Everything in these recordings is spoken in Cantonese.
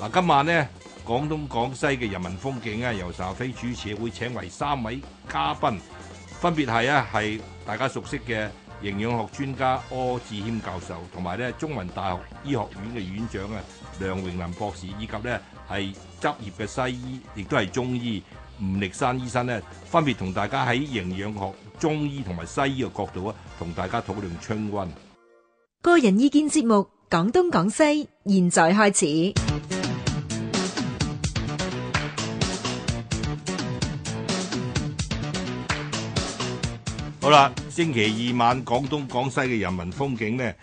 嗱，今晚呢，廣東廣西嘅人民風景咧，由岑逸飛主持，會請嚟三位嘉賓，分別係啊，大家熟悉嘅營養學專家柯志謙教授，同埋咧中文大學中醫學院嘅院長啊梁榮能博士，以及咧係執業嘅西醫亦都係中醫吳歷山醫生咧，分別同大家喺營養學、中醫同埋西醫嘅角度啊，同大家討論春瘟個人意見節目，廣東廣西現在開始。好啦，星期二晚廣東廣西嘅人民風景呢，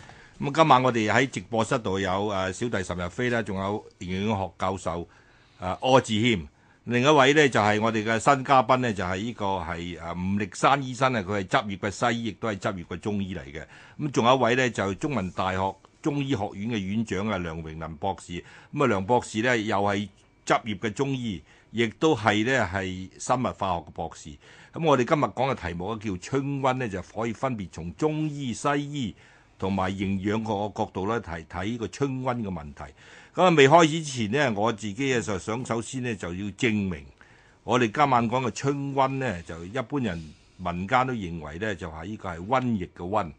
咁今晚我哋喺直播室度有小弟岑逸飛啦，仲有電影學教授誒，柯志謙，另一位呢就係、是、我哋嘅新嘉賓呢就係、是、呢個係誒吳歷山醫生咧，佢係執業嘅西醫，亦都係執業嘅中醫嚟嘅。咁仲有一位呢就是、中文大學中醫學院嘅院長啊梁榮能博士。咁啊梁博士呢又係執業嘅中醫。亦都係咧，係生物化學嘅博士。咁我哋今日講嘅題目咧叫春瘟咧，就可以分別從中醫、西醫同埋營養學個角度咧睇睇呢個春瘟嘅問題。咁啊，未開始之前咧，我自己就想首先咧就要證明我哋今晚講嘅春瘟咧，就一般人民間都認為咧就係呢個係瘟疫嘅瘟。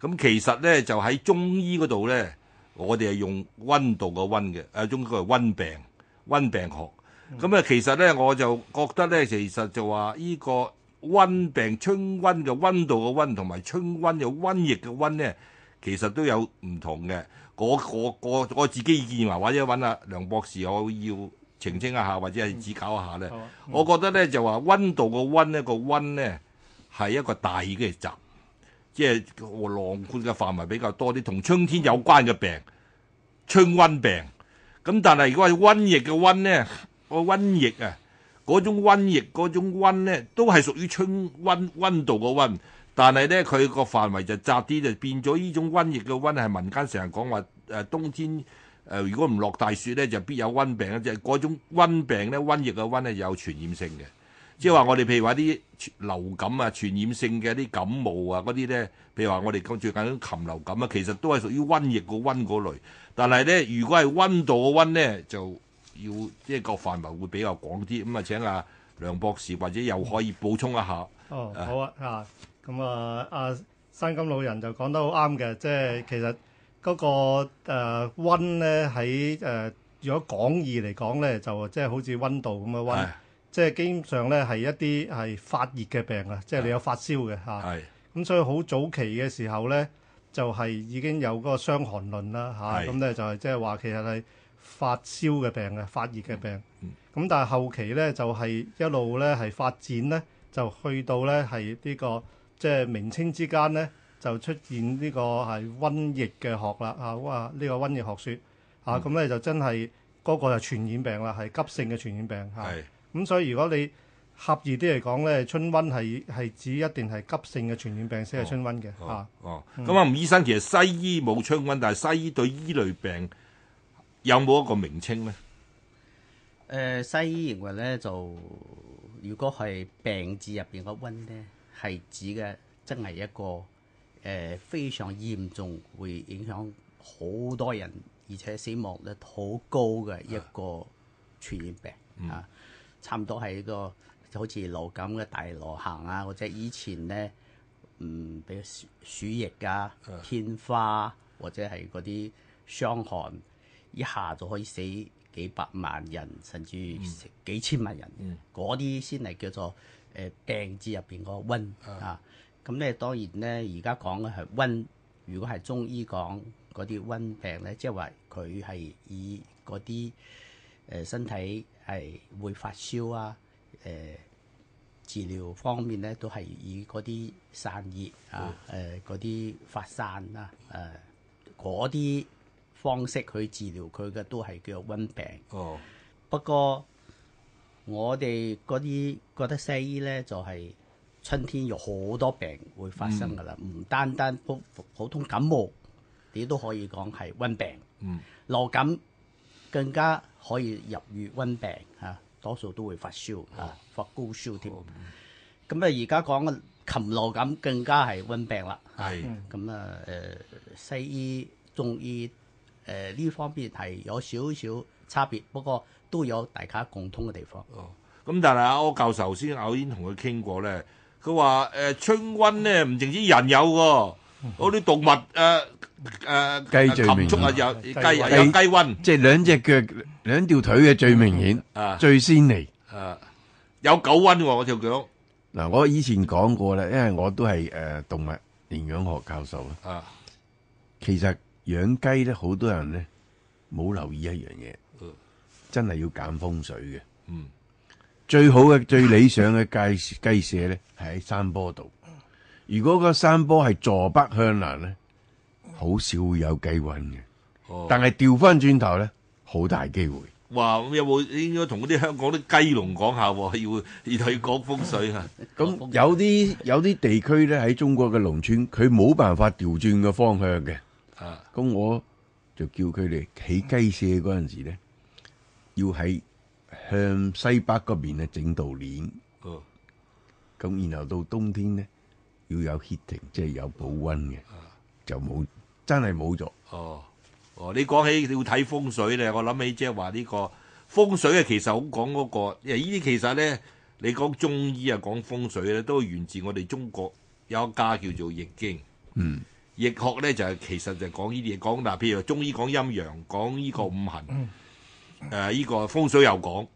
咁其實咧就喺中醫嗰度咧，我哋係用温度嘅溫嘅，啊，中醫係溫病、溫病學。咁啊，嗯、其實咧，我就覺得咧，其實就話呢個瘟病春瘟嘅溫度嘅溫，同埋春瘟嘅瘟疫嘅瘟咧，其實都有唔同嘅。我我我我自己意見話，或者揾阿梁博士我要澄清一下，或者係指教一下咧。嗯啊嗯、我覺得咧就話溫度嘅溫，那個、瘟呢個瘟咧係一個大嘅集，即係囊括嘅範圍比較多啲，同春天有關嘅病、嗯、春瘟病。咁但係如果係瘟疫嘅瘟咧？個瘟疫啊，嗰種瘟疫嗰種瘟咧，都係屬於春瘟温度嘅瘟，但係咧佢個範圍就窄啲，就變咗呢種瘟疫嘅瘟係民間成日講話誒冬天誒、呃、如果唔落大雪咧，就必有瘟病嘅啫。嗰、就是、種瘟病咧瘟疫嘅瘟咧有傳染性嘅，即係話我哋譬如話啲流感啊、傳染性嘅啲感冒啊嗰啲咧，譬如話我哋講最近嗰禽流感啊，其實都係屬於瘟疫個瘟嗰類，但係咧如果係温度嘅瘟咧就。要即係個範圍會比較廣啲，咁啊請阿梁博士或者又可以補充一下。哦，好啊，哎、啊，咁啊，阿山金老人就講得好啱嘅，即係其實嗰個誒温咧喺誒，如果廣義嚟講咧，就即係好似温度咁嘅温，即係基本上咧係一啲係發熱嘅病啊，即係你有發燒嘅嚇。係。咁所以好早期嘅時候咧，就係已經有嗰個傷寒論啦嚇，咁咧就係即係話其實係。發燒嘅病啊，發熱嘅病。咁、嗯嗯、但係後期咧就係、是、一路咧係發展咧，就去到咧係呢、這個即係明清之間咧就出現呢、這個係瘟疫嘅學啦啊哇！呢、這個瘟疫學說啊咁咧、嗯嗯、就真係嗰、那個係傳染病啦，係急性嘅傳染病嚇。咁、啊是嗯、所以如果你狹義啲嚟講咧，春瘟係係指一定係急性嘅傳染病先係春瘟嘅嚇、哦。哦，咁啊，吳醫生其實西醫冇春瘟，但係西醫對呢類病，有冇一個名稱咧？誒、呃，西醫認為咧，就如果係病字入邊個瘟咧，係指嘅真係一個誒、呃、非常嚴重，會影響好多人，而且死亡率好高嘅一個傳染病啊，是的 差唔多係一個、嗯、就好似流感嘅大流行啊，或者以前咧，嗯，比如鼠疫啊、天花是的 或者係嗰啲傷寒。一下就可以死幾百萬人，甚至幾千萬人，嗰啲先係叫做誒病字入邊個瘟啊！咁咧，當然咧，而家講嘅係瘟。如果係中醫講嗰啲瘟病咧，即係話佢係以嗰啲誒身體係會發燒啊，誒、啊、治療方面咧都係以嗰啲散熱啊，誒嗰啲發散啊，誒嗰啲，方式去治療佢嘅都係叫瘟病。哦，oh. 不過我哋嗰啲覺得西醫咧就係、是、春天有好多病會發生㗎啦，唔、mm. 單單普普，普普通感冒，你都可以講係瘟病。嗯，流感更加可以入預瘟病嚇，多數都會發燒嚇、oh. 啊，發高燒添。咁啊、oh. 嗯，而家講禽流感更加係瘟病啦。係、mm.，咁啊誒西醫中醫。誒，呢方面係有少少差別，不過都有大家共通嘅地方。哦，咁但係阿柯教授先偶然同佢傾過咧，佢話誒春瘟咧唔淨止人有，嗰啲動物誒誒雞最明有雞有雞瘟，即係兩隻腳兩條腿嘅最明顯，最先嚟，有狗瘟我條腳。嗱，我以前講過啦，因為我都係誒動物營養學教授啦，其實。養雞咧，好多人咧冇留意一樣嘢，真係要揀風水嘅。嗯、最好嘅、最理想嘅雞雞舍咧，係喺山坡度。如果個山坡係坐北向南咧，好少會有雞瘟嘅。哦、但係調翻轉頭咧，好大機會。哇！咁有冇應該同嗰啲香港啲雞農講下，要而係講風水啊？咁 那、啊、有啲有啲地區咧喺中國嘅農村，佢冇辦法調轉個方向嘅。咁我就叫佢哋起雞舍嗰陣時咧，要喺向西北嗰邊啊整道鏈，咁然後到冬天咧要有 heating，即係有保溫嘅，就冇真係冇咗。哦，哦，你講起要睇風水咧，我諗起即係話呢個風水啊，其實好講嗰個，因為呢啲其實咧，你講中醫啊，講風水咧，都源自我哋中國有一家叫做易經。嗯。易學咧就係其實就係講呢啲嘢，講嗱譬如中醫講陰陽，講呢個五行，誒、呃、呢個風水又講，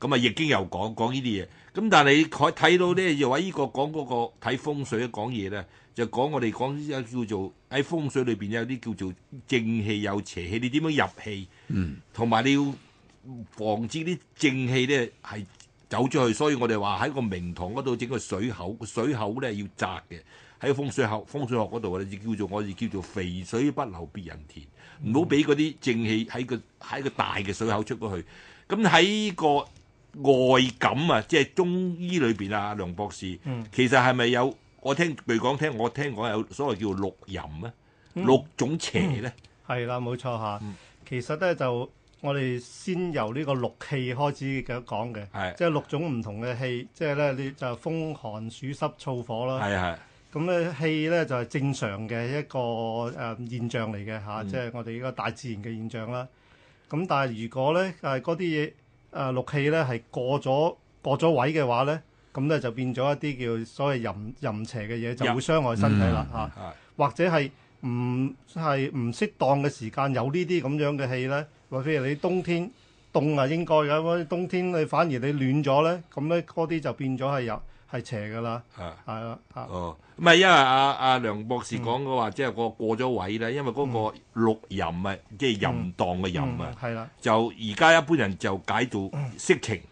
咁啊易經又講講呢啲嘢。咁但係你睇到咧又話呢個講嗰個睇風水講嘢咧，就講我哋講有叫做喺風水裏邊有啲叫做正氣有邪氣，你點樣入氣，同埋你要防止啲正氣咧係。走出去，所以我哋話喺個明堂嗰度整個水口，水口咧要窄嘅。喺風水學，風水學嗰度我就叫做我哋叫做肥水不流別人田，唔好俾嗰啲正氣喺個喺個大嘅水口出咗去。咁喺個外感啊，即係中醫裏面啊，梁博士，嗯、其實係咪有我聽據講聽我聽講有所謂叫六淫啊，嗯、六種邪咧？係啦，冇錯下、啊。嗯、其實咧就。我哋先由呢個六氣開始嘅講嘅，是即係六種唔同嘅氣，即係咧你就是、風寒暑濕燥火啦。係係是。咁咧氣咧就係、是、正常嘅一個誒、呃、現象嚟嘅嚇，啊嗯、即係我哋呢個大自然嘅現象啦。咁、啊、但係如果咧誒嗰啲嘢誒六氣咧係過咗過咗位嘅話咧，咁咧就變咗一啲叫所謂淫淫邪嘅嘢，就會傷害身體啦嚇，或者係。唔係唔適當嘅時間有這些這呢啲咁樣嘅氣咧，或者譬如你冬天凍啊應該嘅。冬天你反而你暖咗咧，咁咧嗰啲就變咗係有係邪嘅啦。係係啦。啊、哦，唔係因為阿、啊、阿梁博士講嘅話，即係個過咗位啦，因為嗰個六淫啊，嗯、即係淫蕩嘅淫啊，係啦、嗯，就而家一般人就解做色情。嗯嗯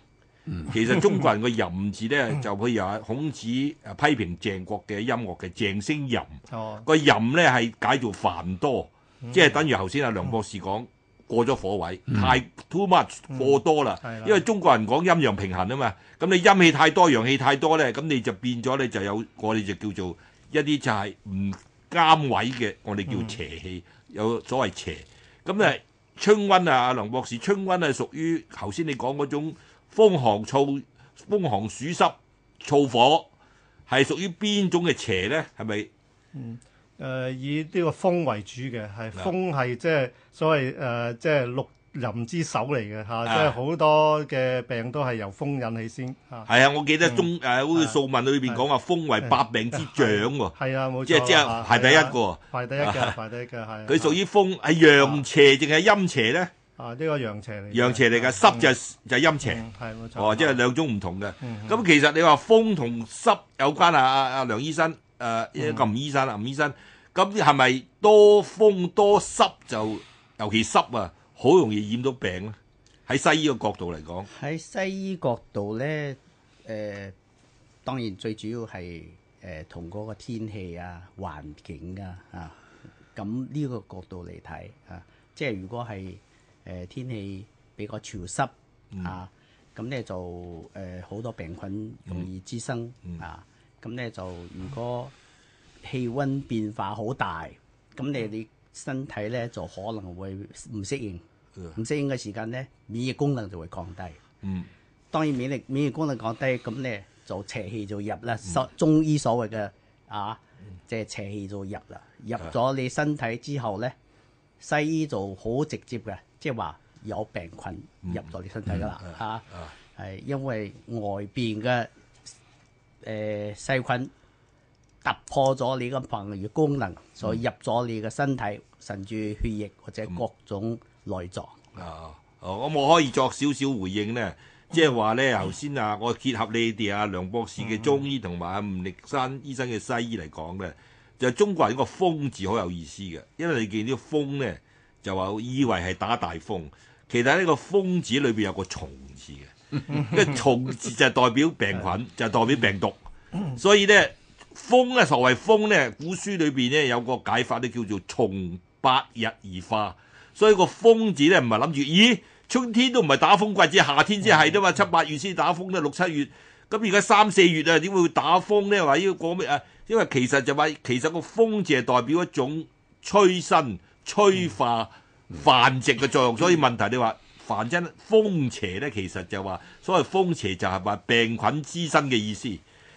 嗯、其實中國人個淫字咧、嗯、就譬如話孔子誒批評鄭國嘅音樂嘅鄭聲淫」哦。個淫咧係解做繁多，即係、嗯、等於頭先阿梁博士講過咗火位、嗯、太 too much 過多啦，嗯、因為中國人講陰陽平衡啊嘛。咁你陰氣太多陽氣太多咧，咁你就變咗你就有我哋就叫做一啲就係唔監位嘅，我哋叫邪氣有所謂邪咁誒、嗯、春瘟啊！阿梁博士，春瘟係屬於頭先你講嗰種。風寒燥、風寒暑濕燥火，係屬於邊種嘅邪咧？係咪？嗯，誒以呢個風為主嘅，係風係即係所謂誒即係六淫之首嚟嘅嚇，即係好多嘅病都係由風引起先。係啊，我記得中誒好似《素問》裏邊講話，風為百病之長喎。係啊，冇錯。即係即係排第一個。排第一嘅，排第一嘅係。佢屬於風係陽邪定係陰邪咧？啊！呢個陽邪嚟，陽邪嚟噶濕就就陰邪，哦，即係兩種唔同嘅。咁其實你話風同濕有關啊？阿阿梁醫生，誒，一個吳醫生啦，吳醫生，咁係咪多風多濕就尤其濕啊，好容易染到病咧？喺西醫嘅角度嚟講，喺西醫角度咧，誒，當然最主要係誒同嗰個天氣啊、環境啊啊，咁呢個角度嚟睇啊，即係如果係。誒天氣比較潮濕、嗯、啊，咁咧就誒好、呃、多病菌容易滋生、嗯嗯、啊。咁咧就如果氣温變化好大，咁咧你身體咧就可能會唔適應，唔適應嘅時間咧，免疫功能就會降低。嗯，當然免疫免疫功能降低，咁咧就邪氣就入啦、嗯。中醫所謂嘅啊，即係、嗯、邪氣就入啦。入咗你身體之後咧，西醫就好直接嘅。即係話有病菌入咗你身體噶啦，吓係因為外邊嘅誒細菌突破咗你嘅防禦功能，所以入咗你嘅身體，嗯、甚至血液或者各種內臟。哦、嗯，哦、嗯，咁、嗯啊啊、我可以作少少回應咧，即係話咧，頭先啊，我結合你哋阿、啊、梁博士嘅中醫同埋阿吳歷山醫生嘅西醫嚟講咧，就係、是、中國人呢個風字好有意思嘅，因為你見啲風咧。就話以為係打大風，其實呢個風字裏面個字裏邊有個蟲字嘅，跟住蟲字就代表病菌，就係、代表病毒。所以咧，風咧，所謂風咧，古書裏邊咧有個解法咧，叫做蟲八日而化。所以個風字咧，唔係諗住，咦，春天都唔係打風季節，只係夏天先係啫嘛，七八、嗯、月先打風啦，六七月。咁而家三四月啊，點會打風咧？話呢個講咩啊？因為其實就話，其實個風字係代表一種吹身。催化繁殖嘅作用，嗯嗯、所以問題你話，繁殖風邪咧，其實就話所謂風邪就係話病菌滋生嘅意思，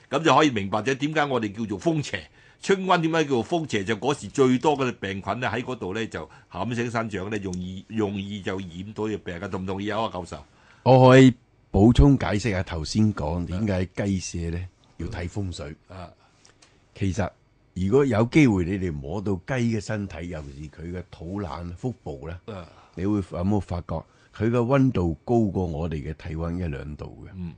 咁就可以明白咗點解我哋叫做風邪，春瘟點解叫做風邪，就嗰、是、時最多嘅病菌咧喺嗰度咧就冚聲生，生長咧，容易容易就染到隻病啊，同唔同意啊教授？我可以補充解釋下頭先講，點解雞舍咧、嗯、要睇風水、嗯、啊，其實。如果有機會你哋摸到雞嘅身體，尤其是佢嘅肚腩、腹部咧，你會有冇發覺佢嘅温度高過我哋嘅體温一兩度嘅？嗯、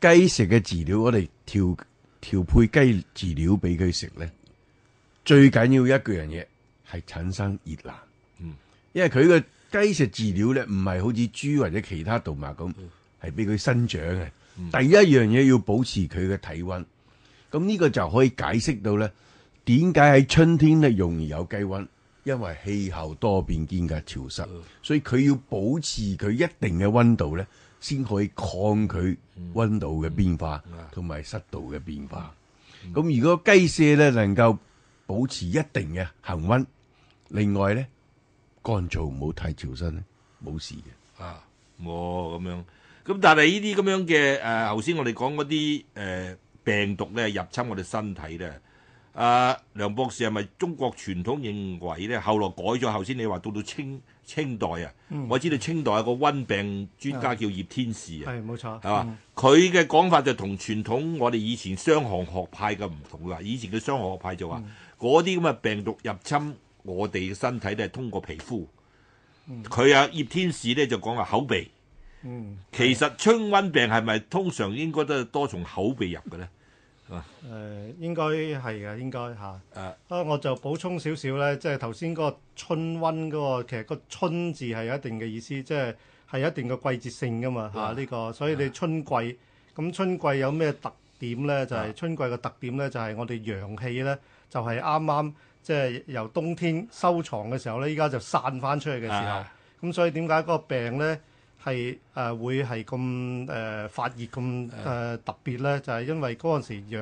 雞食嘅飼料，我哋調,調配雞飼料俾佢食咧，最緊要一樣嘢係產生熱能嗯因為佢嘅雞食飼料咧，唔係好似豬或者其他動物咁，係俾佢生長嘅。嗯、第一樣嘢要保持佢嘅體温。咁呢個就可以解釋到咧，點解喺春天咧容易有雞瘟，因為氣候多變兼隔潮濕，所以佢要保持佢一定嘅温度咧，先可以抗拒温度嘅變化同埋濕度嘅變化。咁如果雞舍咧能夠保持一定嘅恒温，另外咧乾燥唔好太潮濕咧，冇事嘅。啊，冇、哦、咁樣。咁但係呢啲咁樣嘅誒，頭、呃、先我哋講嗰啲誒。呃病毒咧入侵我哋身體咧，阿、啊、梁博士係咪中國傳統認為咧？後來改咗頭先，你話到到清清代啊，嗯、我知道清代有個瘟病專家叫葉天士啊，係冇錯，係嘛吧？佢嘅講法就同傳統我哋以前傷寒學派嘅唔同啦。以前嘅傷寒學派就話嗰啲咁嘅病毒入侵我哋嘅身體咧，係通過皮膚。佢、嗯、啊葉天士咧就講話口鼻。嗯，其實、嗯、春瘟病係咪通常應該都係多從口鼻入嘅咧？誒應該係啊，應該嚇。啊、嗯，我就補充少少咧，即係頭先個春瘟嗰、那個，其實個春字係有一定嘅意思，即係係一定嘅季節性噶嘛嚇。呢、嗯嗯這個所以你春季咁、嗯、春季有咩特點咧？就係、是、春季嘅特點咧，就係、是、我哋陽氣咧，就係啱啱即係由冬天收藏嘅時候咧，依家就散翻出去嘅時候。咁、嗯、所以點解嗰個病咧？係誒、呃、會係咁誒發熱咁誒特別咧就係、是、因為嗰陣時養